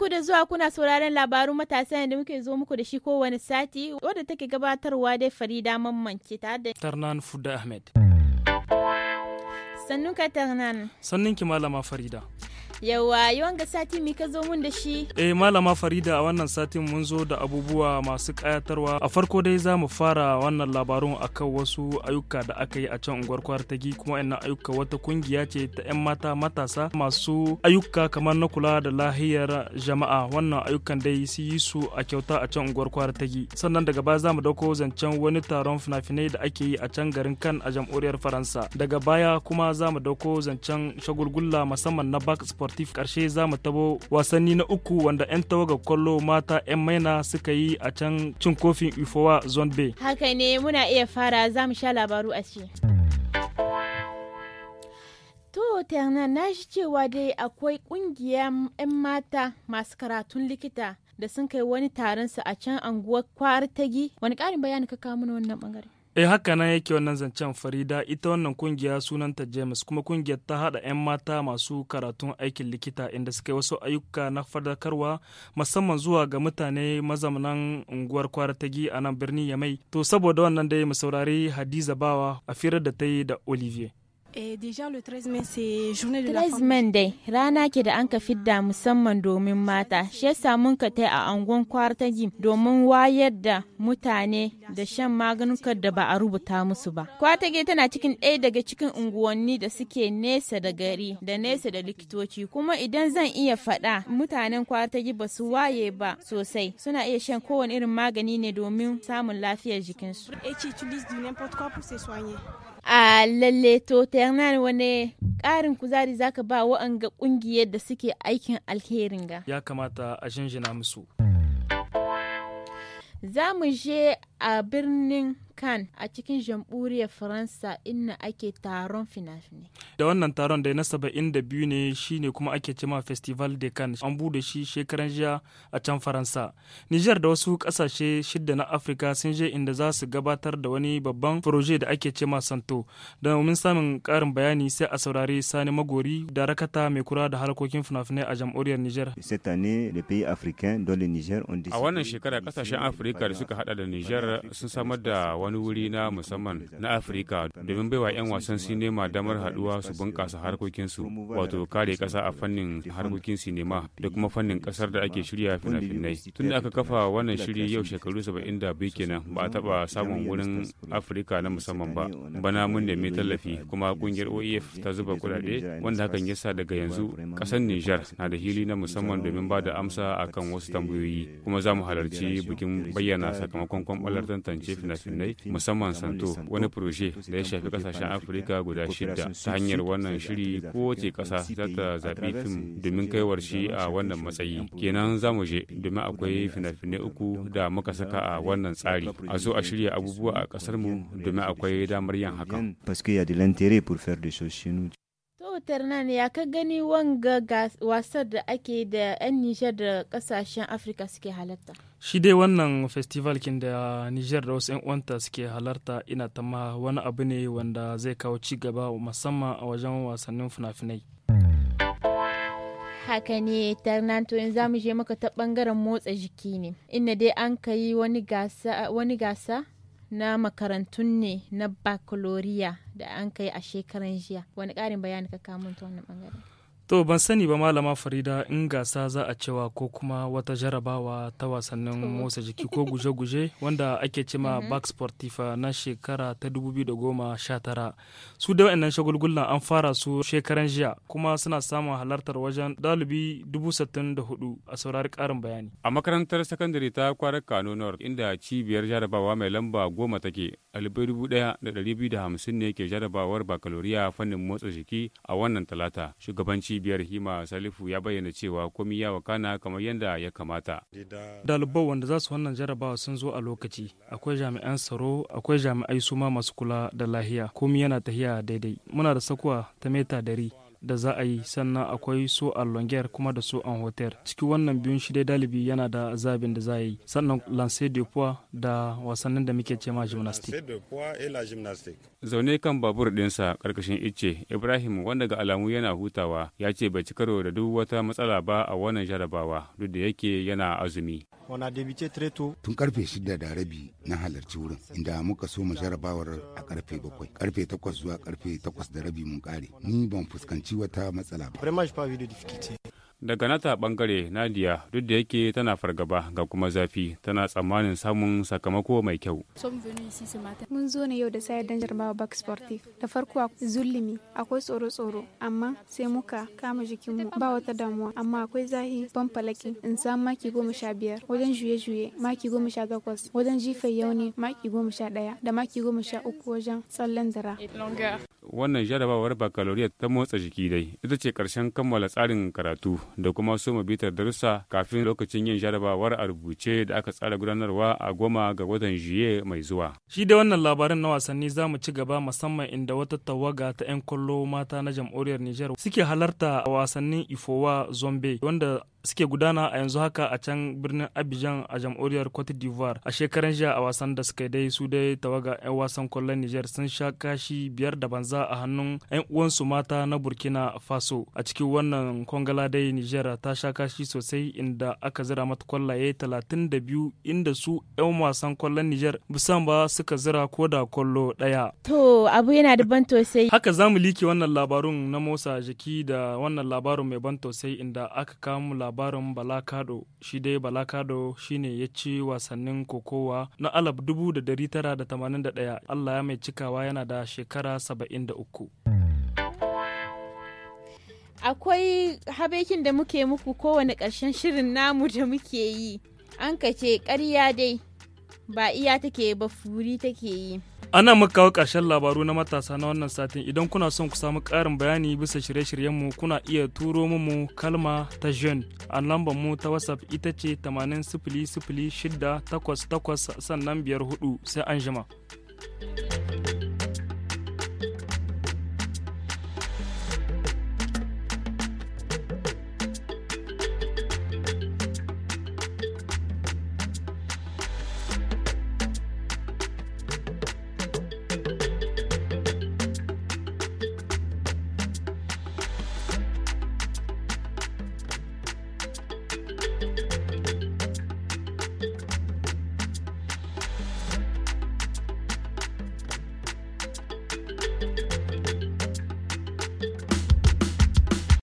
ku da zuwa kuna sauraron labarun matasa da muke zo muku da shi kowane sati wadda take gabatarwa dai Farida Mamman ke tare da Tarnan Fuda Ahmed. Sannun ka Tarnan. Sannun ki Malama Farida. Yawa yi wanga sati mi ka zo mun da shi? Eh malama Farida a wannan satin mun zo da abubuwa masu kayatarwa. A farko dai za mu fara wannan labarun akan wasu ayyuka da aka yi a can unguwar Kwartagi kuma ina ayyuka wata kungiya ce ta 'yan mata matasa masu ayyuka kamar na kula da lahiyar jama'a wannan ayyukan dai su yi su a kyauta a can unguwar Kwartagi. Sannan daga baya za mu dauko zancen wani taron fina-finai da ake yi a can garin Kan a jamhuriyar Faransa. Daga baya kuma za mu dauko zancen shagulgulla musamman na Back Sport sportif karshe za mu tabo wasanni na uku wanda 'yan tawaga kwallo mata 'yan maina suka yi a can cin kofin ifowa zone bay haka ne muna iya fara za mu sha labaru a ce To, tana na shi cewa dai akwai ƙungiya 'yan mata masu karatun likita da sun kai wani taron su a can anguwar kwar tagi. Wani ƙarin bayani ka kawo mana wannan bangare? eh haka nan yake wannan zancen farida ita wannan kungiya sunanta james kuma kungiyar ta hada 'yan mata masu karatun aikin likita inda suka yi wasu ayyuka na fadakarwa musamman zuwa ga mutane mazaunan unguwar kwaratagi a nan birnin yamai to saboda wannan dai mu saurari hadiza bawa a firar da ta yi da olivier 13 eh, mai dai rana ke da an ka fidda musamman domin mata, shi yasa mun ka tai a angon kwartagi domin wayar da mutane da shan maganukan da ba a rubuta musu ba. Kwartage tana cikin ɗaya daga cikin unguwanni da suke nesa da gari da nesa da likitoci, kuma idan zan iya faɗa mutanen kwartagi ba su waye ba sosai suna iya shan kowane irin magani ne domin samun lafiyar jikinsu. a lalle to ternal wani ƙarin kuzari zaka ba wa'anga ƙungiyar da suke aikin alherin ga ya kamata a shinjina musu za mu je a birnin kan a cikin jamhuriyar Faransa inda ake taron fina-finai. Da wannan taron da na saba'in da biyu ne shine kuma ake cema Festival de Cannes an bude shi shekaran jiya a can Faransa. Nijar da wasu kasashe shidda na Afirka sun je inda za su gabatar da wani babban proje da ake cema Santo. Domin samun karin bayani sai a saurari Sani Magori da rakata mai kura da harkokin fina-finai a jamhuriyar Nijar. Niger A wannan shekara kasashen Afirka da suka hada da Nijar sun samar da wani wuri na musamman na afirka domin baiwa 'yan wasan sinema damar haduwa su bunkasa harkokinsu wato kare kasa a fannin harkokin sinema da kuma fannin kasar da ake shirya fina-finai tun da aka kafa wannan shiri yau shekaru saba'in da biyu kenan ba a taba samun wurin afirka na musamman ba bana mun nemi tallafi kuma kungiyar oef ta zuba kudade wanda hakan sa daga yanzu ƙasar nijar na da hili na musamman domin ba da amsa akan wasu tambayoyi kuma za mu halarci bikin bayyana sakamakon kwamɓalar hulɗar tantance fina-finai musamman santo wani proje da ya shafi kasashen afirka guda shida ta hanyar wannan shiri kowace ƙasa za ta zaɓi fim domin kaiwar shi a wannan matsayi kenan za mu je domin akwai fina-finai uku da muka saka a wannan tsari a zo a shirya abubuwa a mu domin akwai damar yin hakan Tarnan ya ka gani wanga wasar da ake da 'yan Nijar da kasashen Afirka suke halarta? Shi dai wannan festival kin da Nijar da wasu 'yan suke halarta ina tama wani abu ne wanda zai kawo ci gaba musamman a wajen wasannin finafinai haka ne tarnan to in zamu je maka ta bangaren motsa jiki ne inda dai an ka yi wani gasa na makarantun ne na baccalaureate da an kai a shekaran jiya wani ƙarin bayani ka kamun ta wannan bangaren To ban sani ba malama Farida in gasa za a cewa ko kuma wata jarabawa ta wasannin motsa jiki ko guje-guje wanda ake cima mhm. back sportiva na shekara ta 2019 su da wa'annan shagulgulan an fara su shekaran jiya kuma suna samun halartar wajen dalibi 64 a saurari karin bayani. A makarantar sakandare ta kwarar Kano North inda cibiyar jarabawa mai lamba goma take 1,250 ne ke jarabawar bakaloriya fannin motsa jiki a wannan talata shugabanci cibiyar hima salifu ya bayyana cewa komi ya wakana kamar yadda ya kamata dalibai wanda za su wannan jarabawa sun zo a lokaci akwai jami'an tsaro akwai jami'ai suma masu kula da lahiya komi yana tahiya daidai muna da sakuwa ta meta dari da za a yi sannan akwai so a longer kuma da so an hotel cikin wannan biyun shi dai dalibi yana da zabin da za a yi sannan lance de poids da wasannin da muke cema gymnastic zaune kan babur dinsa karkashin icce ibrahim wanda ga alamu yana hutawa ya ce bai ci karo da duk wata matsala ba a wannan jarabawa duk da yake yana azumi tun karfe shida da rabi na halarci wurin inda muka so mu jarabawar a karfe bakwai karfe takwas zuwa karfe takwas da rabi mun kare ni ban fuskanci fuskanci wata matsala ba. Daga nata bangare Nadia duk da yake tana fargaba ga kuma zafi tana tsammanin samun sakamako mai kyau. Mun zo ne yau da sayar don jarabawa Back Da farko zulumi akwai tsoro-tsoro amma sai muka kama jikinmu ba wata damuwa amma akwai zahi ban falaki in samu maki goma sha biyar wajen juye-juye maki goma sha takwas wajen jifai yauni maki goma sha ɗaya da maki goma sha uku wajen tsallen dara. wannan jarabawar baccalaureate ta motsa jiki dai ita ce karshen kammala tsarin karatu da kuma soma bitar darussa kafin lokacin yin jarabawar a rubuce da aka tsara gudanarwa a goma ga watan juye mai zuwa. Shi da wannan labarin na wasanni za mu ci gaba musamman inda wata tawaga ta 'yan kwallo mata na jam'uriyar Nijar suke halarta wasannin Ifowa Zombe wanda suke gudana a yanzu haka a can birnin abidjan a jamhuriyar cote d'ivoire a shekaran jiya a wasan da suka dai su dai tawaga 'yan wasan kwallon niger sun sha kashi biyar da banza a hannun 'yan uwansu mata na burkina faso a cikin wannan kwangala dai niger ta sha kashi sosai inda aka zira mata kwallaye talatin da biyu inda su 'yan wasan kwallon niger bisan ba suka zira ko da kwallo daya to abu yana da ban tosai haka zamu liki wannan labarun na motsa jiki da wannan labarun mai ban tosai inda aka kawo mu labarin balakado shi dai balakado shine ya ci wasannin kokowa na da 1981 allah ya mai cikawa yana da shekara 73 akwai habekin da muke muku kowane ƙarshen shirin namu da muke yi an kace karya dai ba iya take ba furi take yi Ana muka kawo ƙarshen labaru na matasa na wannan satin idan kuna son ku samu ƙarin bayani bisa shirye-shiryenmu kuna iya turo mu kalma ta jen a lambar mu ta WhatsApp ita ce 80 sifili shida takwas takwas sannan 5 4 sai an jima.